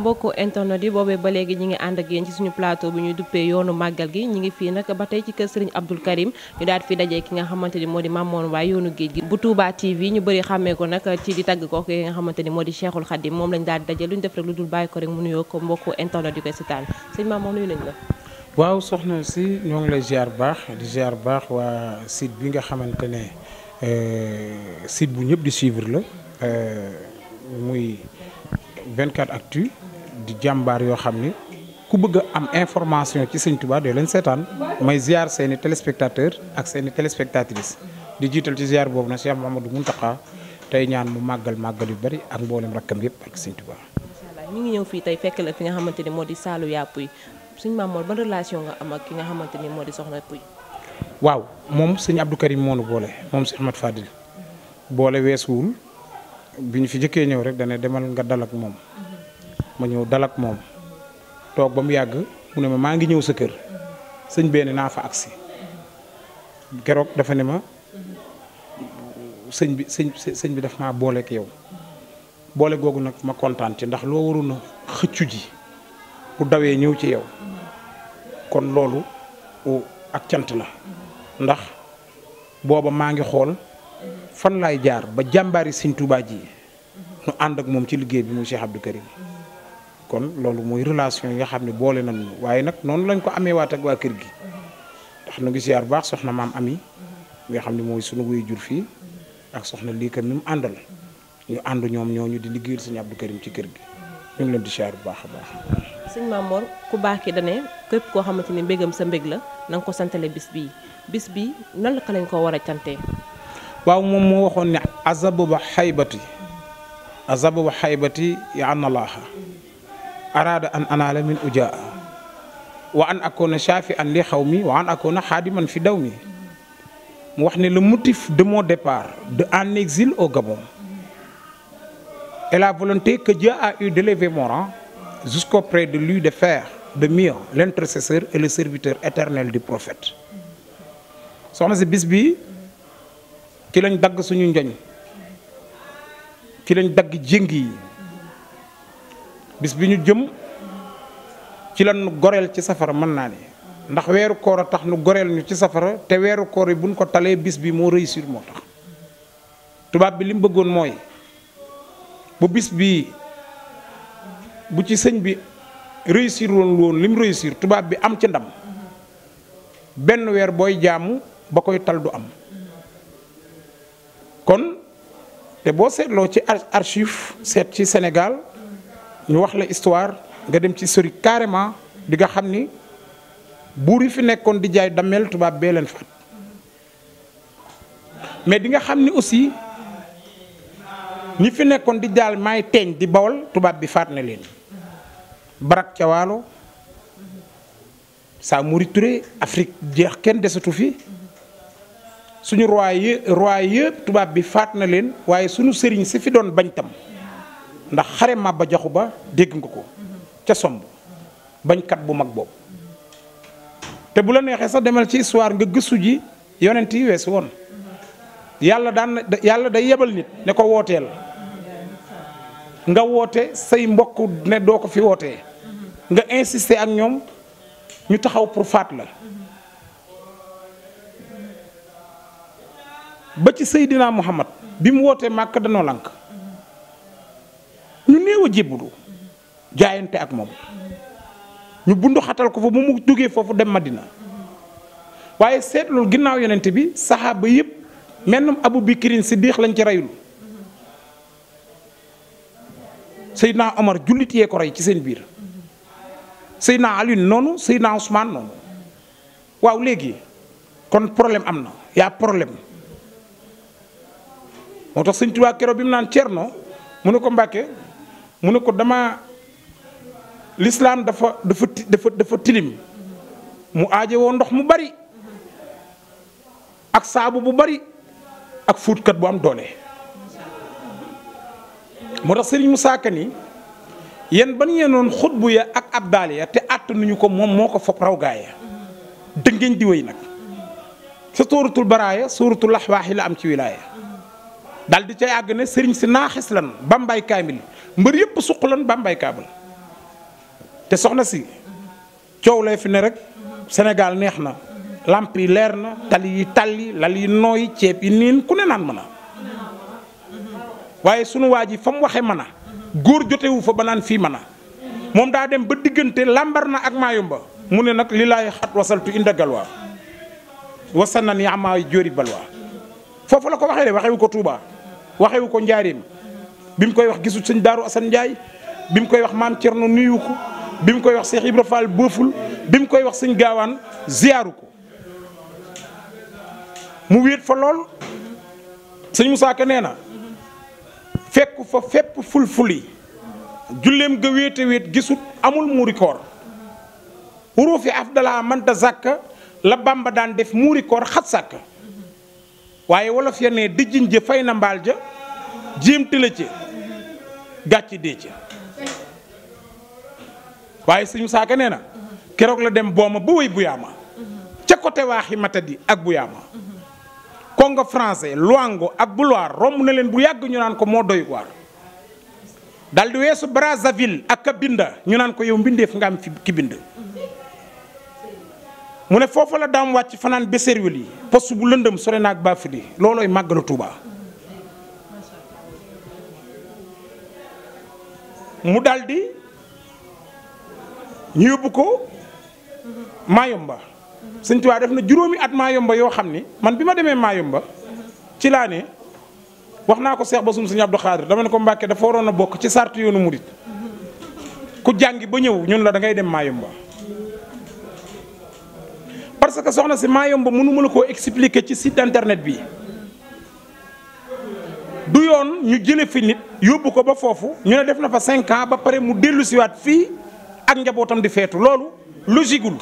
mbokku internet yi boobee ba léegi ñi ngi ànd ak ci suñu plateau bu ñuy duppee yoonu màggal gi ñi ngi fii nag ba tey ci kër Serigne Abdoul Karim ñu daal fi dajee ki nga xamante ni moo di Mamour Mbaye yoonu géej gi bu Touba TV ñu bëri xàmmee ko nag ci di tagg ko ki nga xamante moo di Cheikhul Khadim moom lañ daal di daje lu ñu def rek lu dul bàyyi ko rek mu nuyoo ko mbokku internet yu koy seetaan sëñ Mamour nuyu nañ la waaw soxna si ñoo ngi lay ziar baax di ziar baax waa site bi nga xamante ne euh, site bu ñëpp di suivre la euh, muy 24 actu di jàmbaar yoo xam ni ku bëgg a am information ci sëñ Touba doo leen seetaan may ziar seeni i ak seen i téléspectatrices di jiital ci ziar boobu na nag Cheikh Mouhamadou Mountakha tey ñaan mu màggal màggal yu bari ak mboolem rakkam yëpp ak sëñ Touba. mu ngi ñëw fii tey fekk la fi nga xamante ni moo di saalu yàpp yi suñ Maam Mor ban relation nga am ak ki nga xamante ni moo di soxna Pouy. waaw moom sëñ Abdou Karim moo nu boole moom sëñ Ahmad Fadil boole weesuwul bi ñu fi jëkkee ñëw rek dana demal nga dal ak moom ma ñëw dal moom toog ba mu yàgg mu ne ma maa ngi ñëw sa kër sëñ benn naa fa agsi keroog dafa ne ma sëñ bi sëñ sëñ bi daf maa booleek yow boole googu nag ma kontaan ci ndax loo waroon a xëccu ji bu dawee ñëw ci yow kon loolu ak cant la ndax booba maa ngi xool fan laay jaar ba jàmbaari sëñ Tuubaa ji nu ànd ak moom ci liggéey bi muy Cheikh Abdou Karim kon loolu mooy relation yi nga xam ne boole nañu waaye nag noonu lañ ko amee waat ak waa kër gi ndax nu ngi siyaar baax soxna maam ami nga xam ne mooy sunu wuy jur fii ak soxna lii ka mi mu àndal ñu ànd ñoom ñooñu di liggéeyal sëñ Abdou Karim ci kër gi ñu ngi leen di siyaar bu baax a baax sëñ Maam Mor ku baax ki dane képp koo xamante ni mbégam sa mbég la na nga ko santale bis bii bis bii nan la ko lañ ko war a cantee waaw moom moo waxoon ne azabu ba xaybati azabu ba xaybati ya an allaha araada an anaala min wa an akoona shaafi an li xaw mi wa an akoona xaadiman fi daw mi mu wax ni le motif de mon départ de en exil au Gabon est la volonté que Dieu a eu d'élever mon rang jusqu'auprès de lu de faire de mien l'intercesseur et le serviteur éternel du prophète soxna si bis ci lañ dagg suñu njoñ ci lañ dagg jéng yi bis bi ñu jëm ci lañ goreel ci safara mën naa ne ndax weeru koor a tax nu goreel ñu ci safara te weeru koor yi buñ ko talee bis bi moo réussir moo tax tubaab bi li mu bëggoon mooy bu bis bi bu ci sëñ bi réussir woon woon li mu réussir tubaab bi am ci ndam benn weer booy jaamu ba koy tal du am kon te boo seetloo ci archive seet ci Sénégal ñu wax la histoire nga dem ci sori carrément di nga xam ni buur yi fi nekkoon di jaay damel tubaab bee leen faat mais di nga xam ni aussi ñi fi nekkoon di jaal maay teeñ di bawal tubaab bi faat na leen ca cawaalo saa muri ture Afrique jeex kenn desatu fi suñu roi yi roi yëpp tubaab bi faat na leen waaye suñu sëriñ si fi doon bañ tam ndax xare Maba Jaxu Ba dégg nga ko ca somb bañkat bu mag boobu te bu la neexee sa demal ci histoire nga gëstu ji yonent yi weesu woon yàlla daan yàlla day yebal nit ne ko wooteel nga woote say mbokk ne doo ko fi wootee nga insister ak ñoom ñu taxaw pour faat la ba ci Seydina Muhammad bi mu wootee màkk danoo lank ñu néew a jébbalu jaayante ak moom ñu bundu xatal ko fa bu mu jógee foofu dem Madina waaye seetlul ginnaaw yonent bi ba yépp mennum Abu Bakrin Siddiq lañ ci reyul Seydina Omar jullit yee ko rey ci seen biir Seydina Ali noonu Seydina Ousmane noonu waaw léegi kon problème am na yaa problème moo tax sëñ Tuubaa keroog bi mu naan Cerno mu ne ko Mbàkke mu ne ko dama lislaam dafa dafa dafa dafa tilim mu aaje woo ndox mu bari ak saabu bu bari ak fuutkat bu am doole moo tax sëriñ Musaa Ka ni yan ban yenoon xutbu ya ak abdaal ya te àttanuñu ko moom moo ko fopp raw gaaya dëngeen di wéy nag sa sóoratul baraaya sóoratul laxwaaxi la am ci wilaaya daal di cay àgg ne sëriñ si naaxis lan bambay kaamil mbër yépp suq lan bambay kaabal te soxna si coow lay fi ne rek Sénégal neex na lamp yi leer na tali yi talli lal yi nooy ceeb yi niin ku ne naan mën waaye sunu waa ji fa mu waxee mana góor jotewu fa ba naan fii mana a moom daa dem ba diggante làmbar na ak maayomba mu ne nag li laay xat wasaltu inda galwaa wasa nan yaa maay jóori balwaa foofu la ko waxee de waxewu ko tuubaa waxewu ko njaareem bi mu koy wax gisul sëñ Daaru Asan Njaay bi mu koy wax maam Cerno nuyu ko bi mu koy wax Seex Ibra Fall bëful bi mu koy wax sëñ gaawaan ziyaaru ko mu wéet fa lool sëñ Musaa nee na fekk fa fépp fuli julleem ga wéete wéet gisut amul muurikoor muuri koor wuruufi afdala manta sàkk la Bàmba daan def muuri koor xat sàkk waaye wolof ya ne dijjiñ ji fay na mbaal ja jéem tële ci gàcc dee ci waaye suñu saaka nee na keroog la dem booma ba bu buyaama ca côté waaxi matadi ak bu buyaama kongo français luango ak bulwaar romb na leen bu yàgg ñu naan ko moo doy waar dal di weesu Brazzaville ak Kabinda ñu naan ko yow mbindeef nga am fi ki bind mu ne foofa la daam wàcc fanaan Besserwil yi poste bu lëndëm sore naag baa fi di loolooy màggalu Touba. mu daldi ñu yóbbu ko Mayomba sëñ Tuubaa def na juróomi at Mayomba yoo xam ni man bi ma demee Mayomba ci laa ne wax naa ko Seex Basum sëñ Abdou Khadir dama ne ko Mbàkke dafa waroon a bokk ci sart yoonu murit ku jàngi ba ñëw ñun la da ngay dem Mayomba. parce que soxna si maa yomb mënuma la koo expliquer ci site internet bi du yoon ñu jële fi nit yóbbu ko ba foofu ñu ne def na fa cinq ans ba pare mu dellu siwaat fii ak njabootam di feetu loolu logique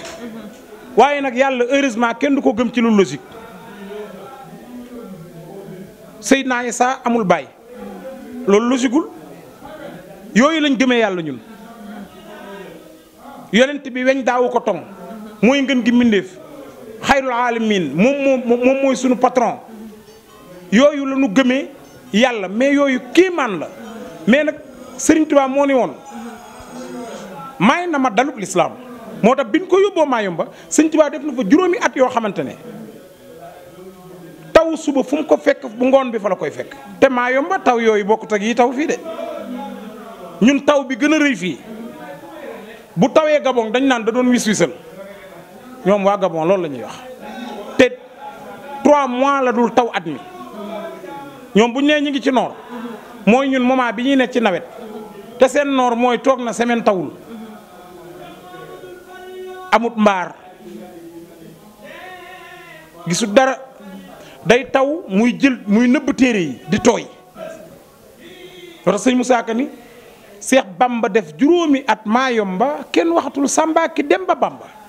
waaye nag yàlla heureusement kenn du ko gëm ci lu naa Seydina saa amul baay loolu logique yooyu lañ gëmee yàlla ñun yonent bi weñ daawu ko tong mooy ngën gi mbindéef xayrul alamin moom moom moom mooy suñu patron yooyu la ñu gëmee yàlla mais yooyu kiimaan la mais nag Serigne Touba moo ni woon may na ma dalub lislaam moo tax biñ ko yóbboo Mayumba Serigne Touba def na fa juróomi at yoo xamante ne taw suba fu mu ko fekk bu ngoon bi fa la koy fekk te Mayumba taw yooyu bokkut ak yi taw fii de ñun taw bi gën a rëy fii bu tawee Gabon dañ naan da doon wis wisal ñoom waa Gabon loolu la ñuy wax te 3 mois la dul taw at mi ñoom bu ñu nee ñu ngi ci noor mooy ñun moment bi ñuy nekk ci nawet te seen noor mooy toog na semaine tawul amut mbaar gisu dara day taw muy jël muy nëbb téere yi di tooy loolu sëñ Moussa Ka ni Seex Bamba def juróomi at Maayomba kenn waxatul Samba dem ba Bamba.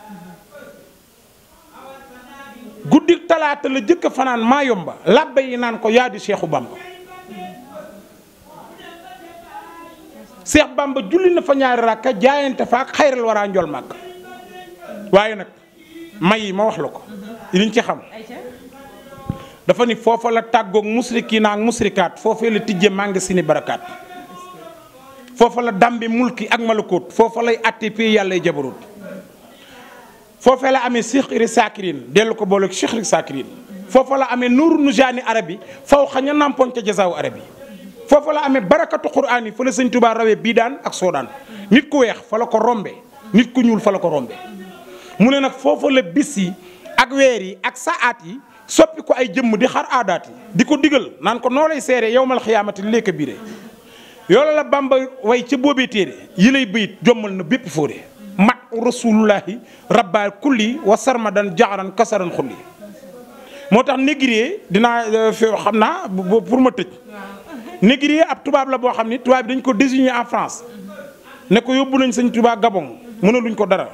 guddik talaata la jëkk fanaan maa yomba làbbe yi naan ko yaa di seexu bamba seex bamba julli na fa ñaari rakka jaayante fa ak xayral waraa njol màgg waaye nag may yi ma wax la ko liñ ci xam dafa ni foofa la tàggoog musrikiina ak musrikaat foofee la tijje màngi sini barakaat foofa la dambi mulki ak malakóot foofa lay àttee pii yàlla jabaroot foofee la amee sikhri sakirin dellu ko boole sikhri sakirin foofa la amee nu nujaani arabi faw xaña nampoñ ca jasaawu arabi foofa la amee barakatu quraan yi fa la sëñ Tuubaa rawee bii daan ak soodaan nit ku weex fa la ko rombe nit ku ñuul fa la ko rombe mu ne nag foofa la bis yi ak weer yi ak saat yi soppi ko ay jëmm di xar aadaat yi di ko digal naan ko noo lay seere yowmal xiyaamati lekk biire yoola la Bàmba way ca boobee téere yi lay bëyit na bépp fóore ma rasulullahi rabbal kulli wa sarmadan jaaran kasaran xulli moo tax négrier dinaa euh, xam naa pour ma tëj négrier ab tubaab la boo xam ni tubaab bi dañ ko désigné en France ne ko yóbbu nañ sëñ Tuubaa Gabon mënaluñ ko dara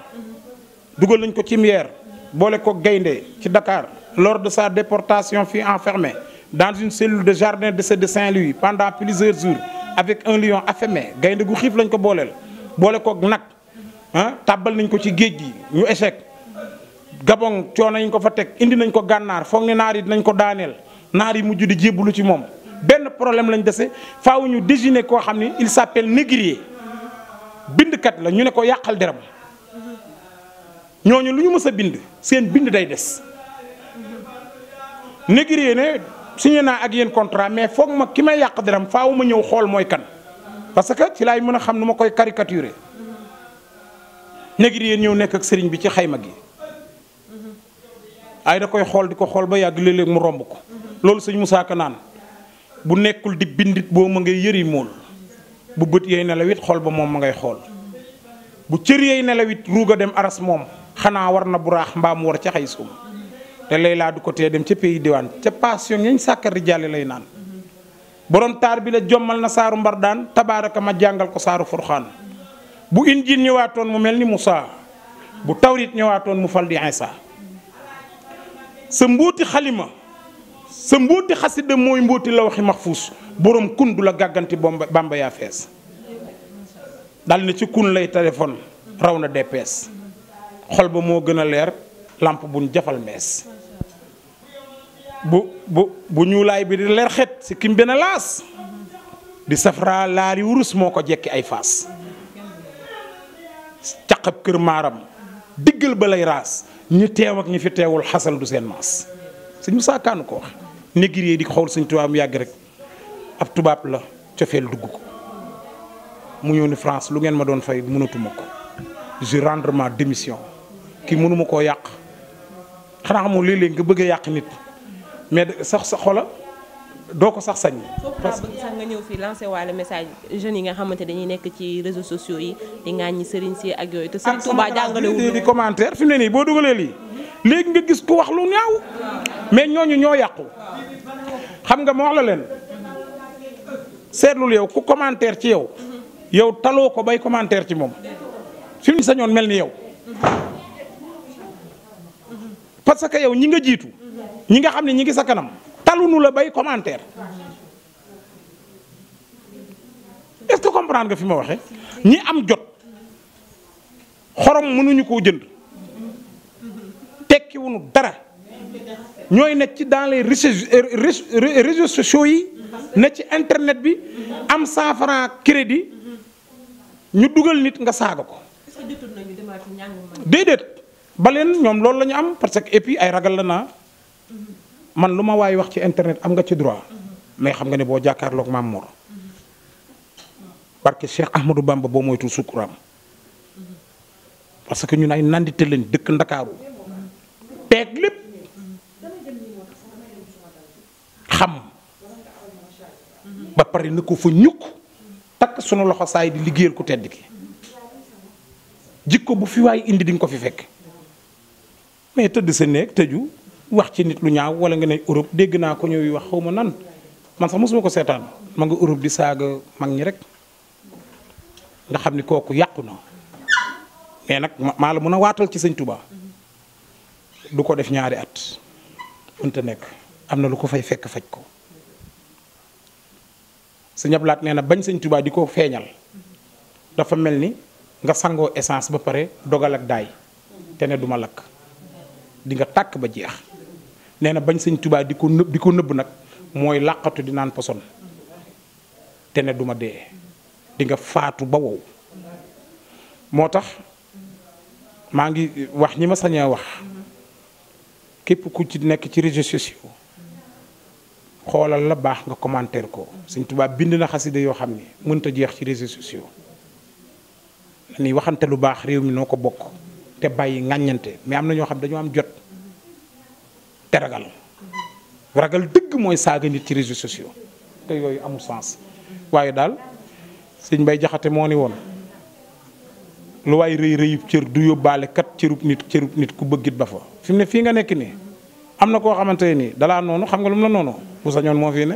dugal nañ ko ci mière boole ko gaynde ci Dakar lors de sa déportation fut enfermé dans une cellule de jardin de de Saint-Louis pendant plusieurs jours avec un lion affamé gaynde gu xiif lañ ko booleel boole ko nag ah tàbbal nañ ko ci géej gi ñu échec gabon coono nañ ko fa teg indi nañ ko gànnaar foog ne naar yi dinañ ko daaneel naar yi mujj di jébbalu ci moom benn problème lañ dese faaw ñu désigner koo xam ne il s'appelle négrier bindkat la ñu ne ko yàqal deram ñooñu lu ñu mës a bind seen bind day des négrier ne signé naa ak yéen contrat mais foog ma ki may yàq deram faaw ma ñëw xool mooy kan parce que ci laay mën a xam nu ma koy caricaturer négrier ñëw nekk ak sëriñ bi ci xayma gi ay da koy xool di ko xool ba yàgg léeg mu romb ko loolu sëñ Moussa Ka naan bu nekkul di bindit boo ma ngay yëri mool bu bët yey nelaw it xool ba moom ma ngay xool bu cër yey nelawit it ruuga dem aras moom xanaa war na bu raax mbaa mu war ca xay suum te lay laa du ko tee dem ca pays diwaan ca passion yañ sàkkar di jàlle lay naan borom taar bi la jommal na saaru mbar daan tabaaraka ma jàngal ko saaru furxaan bu injiil ñëwaatoon mu mel ni musa bu tawrit ñëwaatoon mu fal di Isa sa mbuuti xalima sa mbuuti xasida mooy mbuuti la waxi maxfuus borom kun du la gàgganti bomba bamba yaa fees dal na ci kun lay téléphone raw na DPS xol ba moo gën a leer làmp buñ jafal mees bu bu bu ñuulaay bi di leer xet si kim benn laas di safra laari wurus moo ko jekki ay faas caqab kër maaram diggal ba lay raas ñu teew ak ñu fi teewul xasan du seen maas sëñ Moussa Kane ko wax négrier di xool sëñ tubaab mu yàgg rek ab tubaab la cofeel dugg ko mu ñëw ni France lu ngeen ma doon fay mënatuma ko je rendrement ma démission kii mënuma koo yàq xanaa xamoo léeg-léeg nga bëgg a yàq nit mais sax sa xola doo ko sax sañ. parce que foofu nga ñëw fii lancé waale message jeunes yi nga xamante dañuy nekk ci réseaux sociaux yi di ñi sëriñ si ak yooyu te sëriñ Touba jàngale wu di commentaire fi mu ne boo dugalee lii léegi nga gis ku wax lu ñaaw mais ñooñu ñoo yàqu xam nga ma wax la leen seetlul yow ku commentaire ci yow yow taloo ko bay commentaire ci moom fi mu sañoon mel ni yow parce que yow ñi nga jiitu ñi nga xam ne ñi ngi sa kanam. talunu la bay commentaire est-ce que comprendre nga fi ma waxee ñi am jot xorom mënuñu koo jënd tekkiwunu dara ñooy nekk ci dans les réseaux sociaux yi ne ci internet bi am 100 crédit ñu dugal nit nga saaga ko. déedéet ba leen ñoom loolu la ñu am parce que et puis ay ragal la naa. man lu ma waay wax ci internet am nga ci droit mais xam nga ne boo jàkkaarloog maam Mor parce que Cheikh Ahmadou Bamba boo moytu sukkuraam parce que ñun ay nandite leen dëkk ndakaaru teeg lépp xam ba pare na ko fa ñukk takk sunu loxo saay di liggéeyal ku tedd ki jikko bu fi waay indi di ko fi fekk mais tëdd sa néeg tëju wax ci nit lu ñaaw walla nga ne Europe dégg naa ko ñuy wax xaw ma nan man sax mosuma ko seetaan ma nga Europe di saaga mag ñi rek nga xam ni kooku yàqu na mais nag maa mën a waatal ci sëñ du ko def ñaari at mënta nekk am na lu ko fay fekk faj ko sëñ Abdou Lahat nee na bañ sëñ Touba di koo feeñal dafa mel ni nga sangoo essence ba pare dogal ak daay te ne duma lakk di nga tàkk ba jeex nee na bañ sëñ tubaa di ko nëb di ko nëbb nag mooy làqatu di naan poson te ne duma dee di nga faatu ba wow moo tax maa ngi wax ñi ma sañee wax képp ku ci nekk ci réseaux sociaux xoolal la baax nga commentaire ko sëñ tubaab bind na xasida yoo xam ni mënta jeex ci réseaux sociaux ni waxante lu baax réew mi noo ko bokk te bàyyi ŋàññante mais am na ñoo xam dañoo am jot te ragal ragal dëgg mooy saaga nit ci réseaux sociaux te yooyu amul sens waaye daal sëñ bay Jaxate moo ni woon lu waay rëy rëyub cër du yóbbaale kat cërub nit cërub nit ku bëggit ba fa fi mu ne fii nga nekk nii am na koo xamante ne nii dalaa noonu xam nga lu na noonu bu ñoon moo fii ne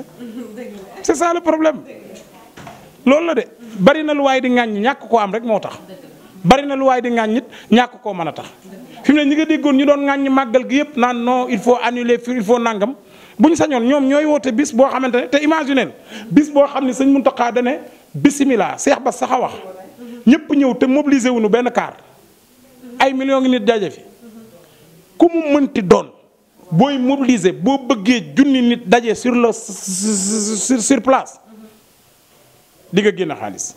c'est ça le problème loolu la de bari na lu waaye di ŋàññ ñàkk koo am rek moo tax bari na lu waay di ŋàññ it ñàkk koo mën a tax fi mu ne ñi nga déggoon ñu doon ŋàññi màggal gi yëpp naan non il faut annuler il faut nangam bu ñu sañoon ñoom ñooy woote bis boo xamante ne te imaginer bis boo xam ne sëñ Muntaxa da ne bisimilah seex ba sax a wax ñëpp ñëw te mobiliser nu benn kaar ay millions ngi nit daje fi ku mu mënti doon booy mobiliser boo bëggee junni nit daje sur le sur place di nga génn xaalis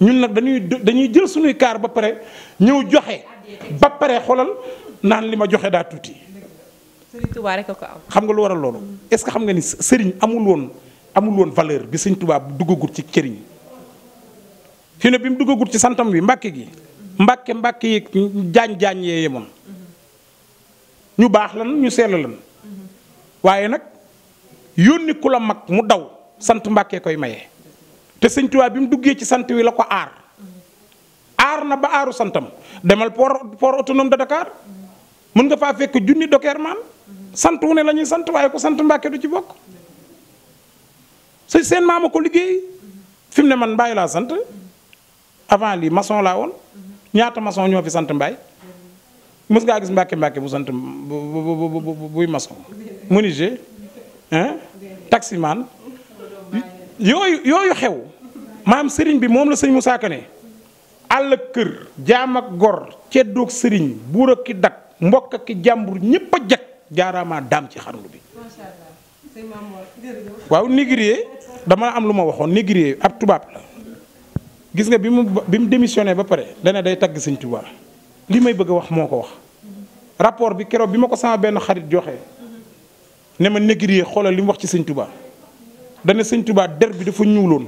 ñun nag dañuy dañuy jël suñuy kaar ba pare ñëw joxe. ba pare xoolal naan li ma joxe daa tuuti. Serigne ko am. xam nga lu waral loolu est-ce que xam nga ni sëriñ amul woon amul woon valeur bi Serigne Touba duggagut ci këriñ fi ne bi mu duggagut ci santam wi mbàkke gi mbàkke mbàkke yi jaañ jaañ yee yemoon ñu baax lan ñu sell lan waaye nag yónni ku la mag mu daw sant mbàkkee koy maye te Serigne Touba bi mu duggee ci sant wi la ko aar. aar na ba aaru santam demal port port autonome de Dakar mën nga faa fekk junni dokeer maan sant wu ne la sant waaye ko sant Mbàkke du ci bokk si seen maama ko liggéey fi mu ne man mbaay laa sant avant lii mason laa woon ñaata maçon ñoo fi sant Mbaye mës nga gis Mbàkke Mbàkke bu sant bu buy maçon menuisier taximan yooyu yooyu xew maam sëriñ bi moom la sëñ Moussa Kane àll kër jaam ak gor ceddoog sëriñ buur ak ki dak mbokk ak ki jàmbur ñépp a jag jaaraamaa daam ci xarnu bi waaw négrier dama am lu ma waxoon négrier ab tubaab la gis nga bi mu bi mu démissionné ba pare dana day tagg sëñ Tuubaa li may bëgg a wax moo ko wax rapport bi keroog bi ma ko sama benn xarit joxe ne ma négrier xoolal li mu wax ci sëñ Tuubaa dana sëñ Tuubaa der bi dafa ñuuloon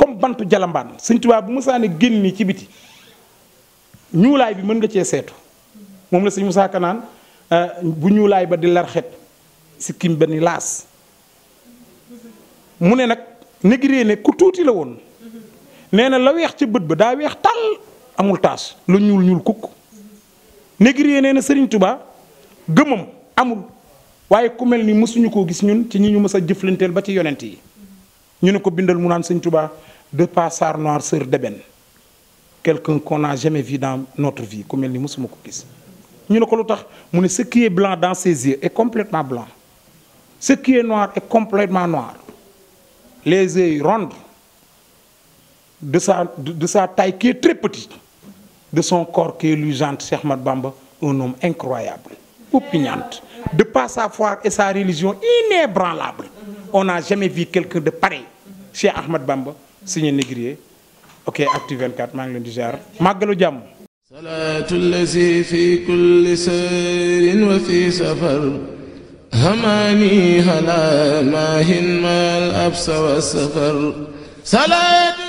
comme bantu jalambaan sëñ Tuubaa bu musaa ne génn ci biti ñuulaay bi mën nga cee seetu moom la sëñ Musaa Ka naan euh, bu ñuulaay ba di larxet sikkim ba ni laas mu ne nag négrier ne ku tuuti la woon nee na la weex ci bët ba daa weex tàll amul taas lu ñuul ñuul kukk négrier nee na sëriñ tubaa gëmam amul waaye ku mel ni mësuñu koo gis ñun ci ñi ñu mës a jëflanteel ba ci yonent yi ñu ne ko bindal mu naan sëñ Tuubaa de pas Sarr Noir Sœur d'Ébène quelqu'un qu'on n'a jamais vi dans notre vie ku mel ni mësuma ko gis ñu ne ko lu tax mu ne ce qui est blanc dans ses yeux est complètement blanc ce qui est noir est complètement noir les yeux ronds de sa de sa taille qui est très de son corps qui est luisant Cheikh Ahmad Bamba un homme incroyable opiniante de par sa foi et sa religion inébranlable on n'a jamais vu quelqu'un de pareil Cheikh Ahmad Bamba signé négrier ok actu 24 maa ngi leen di ziar màggalu jàmm salaatu lazi fi kulli sayrin wa fi safar hamaani hala maahin maal absa wa safar